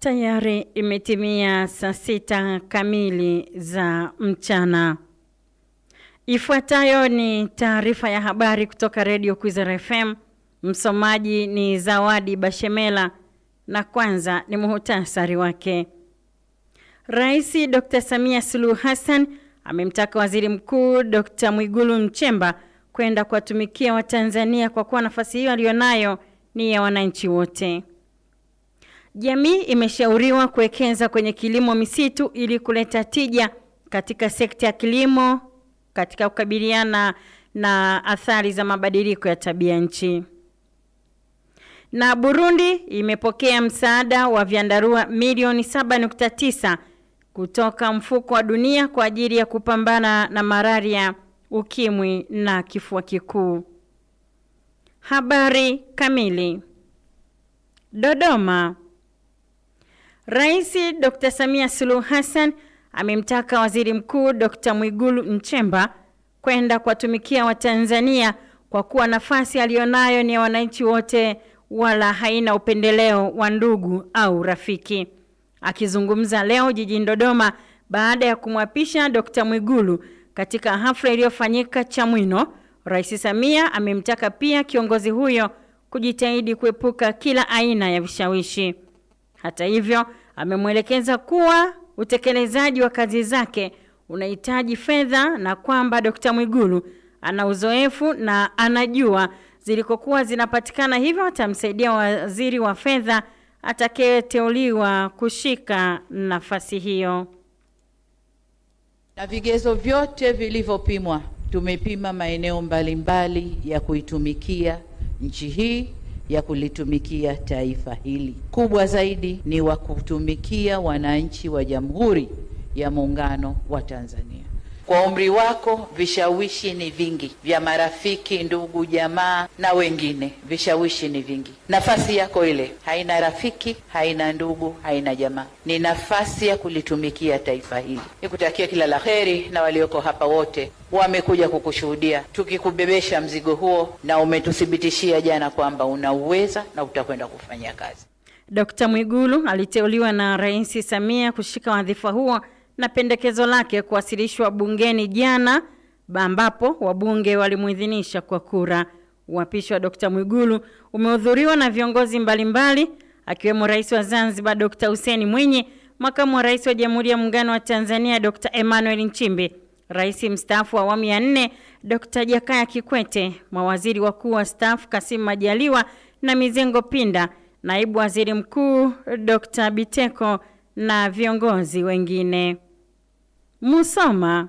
Tayari imetimia saa sita kamili za mchana. Ifuatayo ni taarifa ya habari kutoka Redio Kwizera FM. Msomaji ni Zawadi Bashemela na kwanza ni muhutasari wake. Rais Dr. Samia Suluhu Hassan amemtaka Waziri Mkuu Dr. Mwigulu mchemba kwenda kuwatumikia Watanzania kwa kuwa nafasi hiyo aliyonayo ni ya wananchi wote. Jamii imeshauriwa kuwekeza kwenye kilimo misitu ili kuleta tija katika sekta ya kilimo katika kukabiliana na athari za mabadiliko ya tabia nchi. Na Burundi imepokea msaada wa vyandarua milioni 7.9 kutoka mfuko wa dunia kwa ajili ya kupambana na malaria, ukimwi na kifua kikuu. Habari kamili. Dodoma. Rais Dr. Samia Suluhu Hassan amemtaka Waziri Mkuu Dr. Mwigulu Nchemba kwenda kuwatumikia Watanzania kwa kuwa nafasi aliyonayo ni ya wananchi wote wala haina upendeleo wa ndugu au rafiki. Akizungumza leo jijini Dodoma baada ya kumwapisha Dkt. Mwigulu katika hafla iliyofanyika Chamwino, Rais Samia amemtaka pia kiongozi huyo kujitahidi kuepuka kila aina ya vishawishi. Hata hivyo, amemwelekeza kuwa utekelezaji wa kazi zake unahitaji fedha na kwamba Dkt. Mwigulu ana uzoefu na anajua zilikokuwa zinapatikana, hivyo atamsaidia waziri wa fedha atakayeteuliwa kushika nafasi hiyo. Na vigezo vyote vilivyopimwa, tumepima maeneo mbalimbali ya kuitumikia nchi hii ya kulitumikia taifa hili. Kubwa zaidi ni wa kutumikia wananchi wa Jamhuri ya Muungano wa Tanzania. Kwa umri wako vishawishi ni vingi, vya marafiki, ndugu, jamaa na wengine. Vishawishi ni vingi. Nafasi yako ile haina rafiki, haina ndugu, haina jamaa. Ni nafasi ya kulitumikia taifa hili. Nikutakia kila la heri, na walioko hapa wote wamekuja kukushuhudia tukikubebesha mzigo huo, na umetuthibitishia jana kwamba unauweza na utakwenda kufanya kazi. Dkt. Mwigulu aliteuliwa na Rais Samia kushika wadhifa huo na pendekezo lake kuwasilishwa bungeni jana, ambapo wabunge walimuidhinisha kwa kura. Uapisho wa Dkt. Mwigulu umehudhuriwa na viongozi mbalimbali akiwemo Rais wa Zanzibar Dkt. Hussein Mwinyi, Makamu wa Rais wa Jamhuri ya Muungano wa Tanzania Dkt. Emmanuel Nchimbi, Rais mstaafu wa awamu ya nne Dkt. Jakaya Kikwete, mawaziri wakuu wastaafu Kassim Majaliwa na Mizengo Pinda, Naibu Waziri Mkuu Dkt. Biteko na viongozi wengine. Musoma.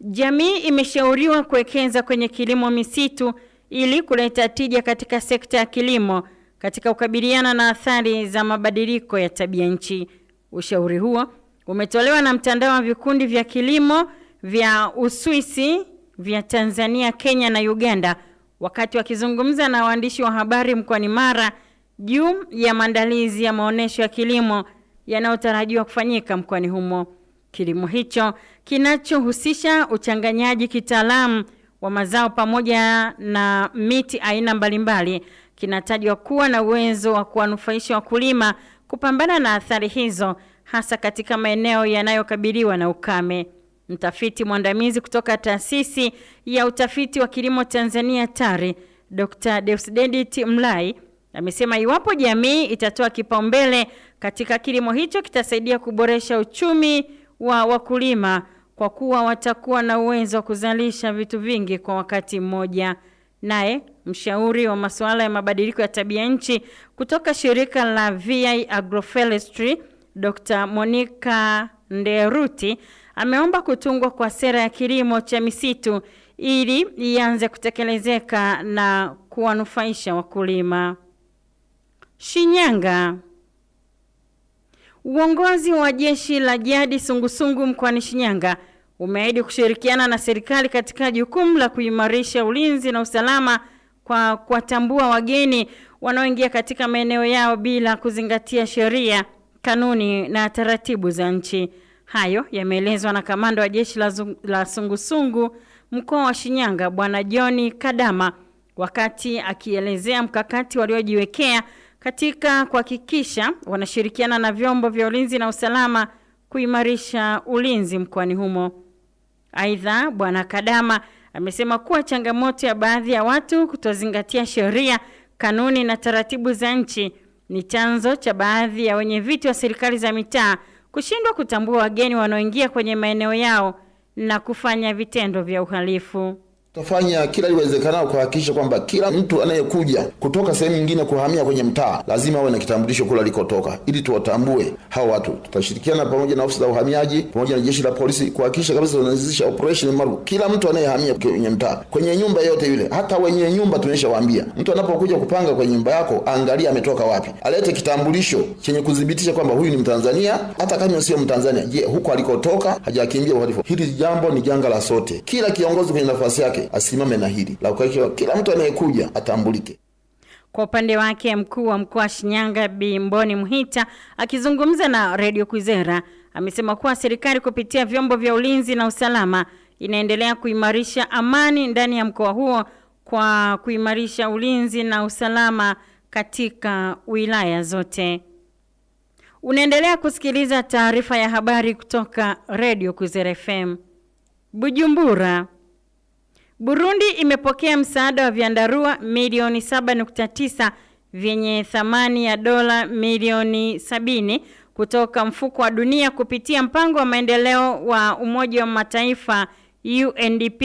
Jamii imeshauriwa kuwekeza kwenye kilimo misitu ili kuleta tija katika sekta ya kilimo katika kukabiliana na athari za mabadiliko ya tabia nchi. Ushauri huo umetolewa na mtandao wa vikundi vya kilimo vya Uswisi vya Tanzania, Kenya na Uganda wakati wakizungumza na waandishi wa habari mkoani Mara juu ya maandalizi ya maonyesho ya kilimo yanayotarajiwa kufanyika mkoani humo. Kilimo hicho kinachohusisha uchanganyaji kitaalamu wa mazao pamoja na miti aina mbalimbali kinatajwa kuwa na uwezo wa kuwanufaisha wakulima kupambana na athari hizo hasa katika maeneo yanayokabiliwa na ukame. Mtafiti mwandamizi kutoka Taasisi ya Utafiti wa Kilimo Tanzania TARI, Dr. Deusdedith Mlai amesema iwapo jamii itatoa kipaumbele katika kilimo hicho kitasaidia kuboresha uchumi wa wakulima kwa kuwa watakuwa na uwezo wa kuzalisha vitu vingi kwa wakati mmoja. Naye mshauri wa masuala ya mabadiliko ya tabia nchi kutoka shirika la VI Agroforestry Dr. Monica Nderuti ameomba kutungwa kwa sera ya kilimo cha misitu ili ianze kutekelezeka na kuwanufaisha wakulima. Shinyanga Uongozi wa jeshi la jadi sungusungu mkoani Shinyanga umeahidi kushirikiana na serikali katika jukumu la kuimarisha ulinzi na usalama kwa kuwatambua wageni wanaoingia katika maeneo yao bila kuzingatia sheria, kanuni na taratibu za nchi. Hayo yameelezwa na kamanda wa jeshi la, la sungusungu mkoa wa Shinyanga Bwana John Kadama wakati akielezea mkakati waliojiwekea katika kuhakikisha wanashirikiana na vyombo vya ulinzi na usalama kuimarisha ulinzi mkoani humo. Aidha, Bwana Kadama amesema kuwa changamoto ya baadhi ya watu kutozingatia sheria, kanuni na taratibu za nchi ni chanzo cha baadhi ya wenye viti wa serikali za mitaa kushindwa kutambua wageni wanaoingia kwenye maeneo yao na kufanya vitendo vya uhalifu. Tutafanya kila liwezekanao kuhakikisha kwamba kila mtu anayekuja kutoka sehemu nyingine kuhamia kwenye mtaa lazima awe na kitambulisho kule alikotoka, ili tuwatambue hao watu. Tutashirikiana pamoja na ofisi za uhamiaji pamoja na jeshi la polisi kuhakikisha kabisa tunaanzisha operation maru Kila mtu anayehamia kwenye mtaa, kwenye nyumba yote yule. hata wenye nyumba tumeshawaambia, mtu anapokuja kupanga kwenye nyumba yako, angalia ametoka wapi, alete kitambulisho chenye kudhibitisha kwamba huyu ni Mtanzania, hata kama sio Mtanzania. Je, huko alikotoka hajakimbia uhalifu? Hili jambo ni janga la sote, kila kiongozi kwenye nafasi yake wake asimame na hili la kuhakikisha kila mtu anayekuja atambulike. Kwa upande wake mkuu wa mkoa wa Shinyanga Bi Mboni Mhita akizungumza na Radio Kwizera amesema kuwa serikali kupitia vyombo vya ulinzi na usalama inaendelea kuimarisha amani ndani ya mkoa huo kwa kuimarisha ulinzi na usalama katika wilaya zote. Unaendelea kusikiliza taarifa ya habari kutoka Radio Kwizera FM. Bujumbura Burundi imepokea msaada wa vyandarua milioni 7.9 vyenye thamani ya dola milioni sabini kutoka mfuko wa dunia kupitia mpango wa maendeleo wa Umoja wa Mataifa UNDP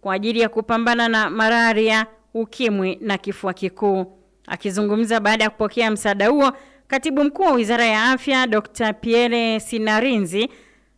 kwa ajili ya kupambana na malaria, ukimwi na kifua kikuu. Akizungumza baada ya kupokea msaada huo, Katibu Mkuu wa Wizara ya Afya Dr. Pierre Sinarinzi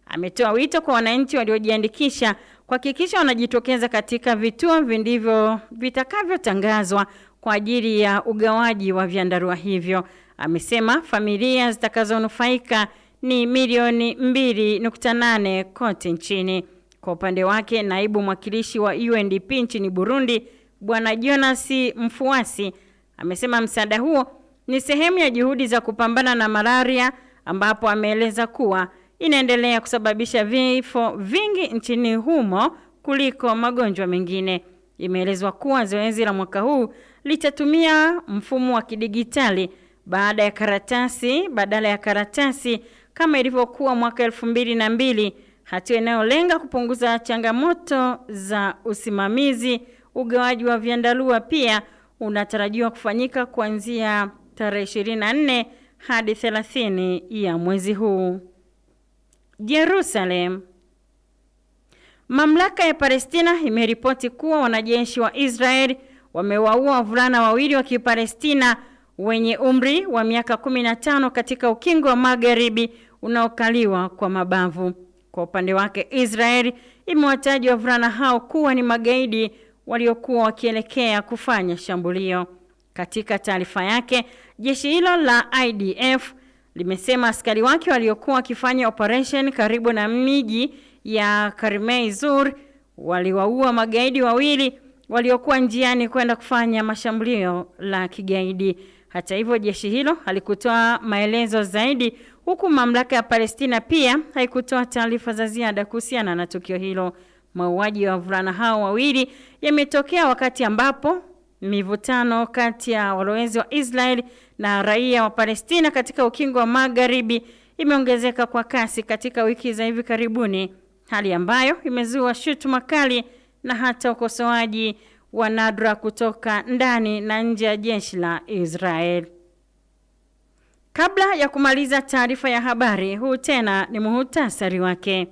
ametoa wito kwa wananchi waliojiandikisha kuhakikisha wanajitokeza katika vituo vindivyo vitakavyotangazwa kwa ajili ya ugawaji wa vyandarua hivyo. Amesema familia zitakazonufaika ni milioni 2.8 kote nchini. Kwa upande wake, naibu mwakilishi wa UNDP nchini Burundi Bwana Jonas Mfuasi amesema msaada huo ni sehemu ya juhudi za kupambana na malaria, ambapo ameeleza kuwa inaendelea kusababisha vifo vingi nchini humo kuliko magonjwa mengine. Imeelezwa kuwa zoezi la mwaka huu litatumia mfumo wa kidigitali baada ya karatasi badala ya karatasi kama ilivyokuwa mwaka elfu mbili na mbili, hatua inayolenga kupunguza changamoto za usimamizi. Ugawaji wa vyandarua pia unatarajiwa kufanyika kuanzia tarehe 24 hadi 30 ya mwezi huu. Jerusalem. Mamlaka ya Palestina imeripoti kuwa wanajeshi wa Israeli wamewaua wavulana wawili wa Kipalestina wenye umri wa miaka 15 katika ukingo wa Magharibi unaokaliwa kwa mabavu. Kwa upande wake, Israeli imewataja wavulana hao kuwa ni magaidi waliokuwa wakielekea kufanya shambulio. Katika taarifa yake, jeshi hilo la IDF limesema askari wake waliokuwa wakifanya operation karibu na miji ya karmei zur waliwaua magaidi wawili waliokuwa njiani kwenda kufanya mashambulio la kigaidi. Hata hivyo, jeshi hilo halikutoa maelezo zaidi, huku mamlaka ya Palestina pia haikutoa taarifa za ziada kuhusiana na tukio hilo. Mauaji ya wavulana hao wawili yametokea wakati ambapo mivutano kati ya walowezi wa Israeli na raia wa Palestina katika ukingo wa Magharibi imeongezeka kwa kasi katika wiki za hivi karibuni, hali ambayo imezua shutuma kali na hata ukosoaji wa nadra kutoka ndani na nje ya jeshi la Israel. Kabla ya kumaliza taarifa ya habari, huu tena ni muhutasari wake.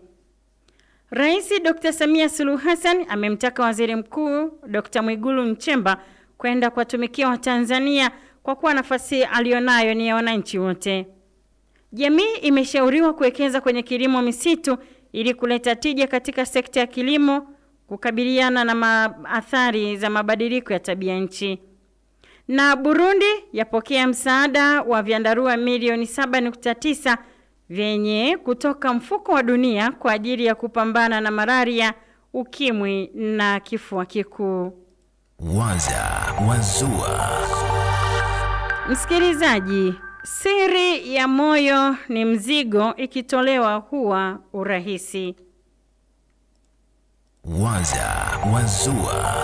Rais Dr. Samia Suluhu Hassan amemtaka Waziri Mkuu Dr. Mwigulu Nchemba kwenda kuwatumikia Watanzania kwa kuwa nafasi aliyonayo ni ya wananchi wote. Jamii imeshauriwa kuwekeza kwenye kilimo misitu ili kuleta tija katika sekta ya kilimo, kukabiliana na athari za mabadiliko ya tabia nchi. Na Burundi yapokea msaada wa vyandarua milioni 7.9 vyenye kutoka mfuko wa dunia kwa ajili ya kupambana na malaria, ukimwi na kifua kikuu. Waza Wazua. Msikilizaji, siri ya moyo ni mzigo ikitolewa huwa urahisi. Waza Wazua.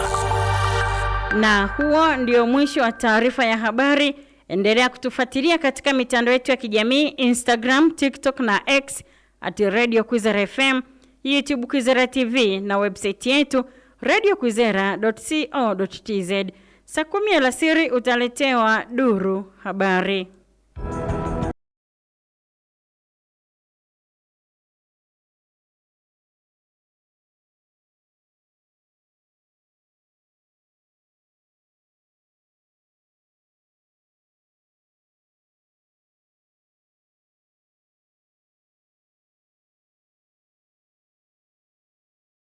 Na huo ndio mwisho wa taarifa ya habari. Endelea kutufuatilia katika mitandao yetu ya kijamii Instagram, TikTok na X at Radio Kwizera FM, YouTube Kwizera TV na website yetu radiokwizera.co.tz. Saa kumi alasiri utaletewa duru habari.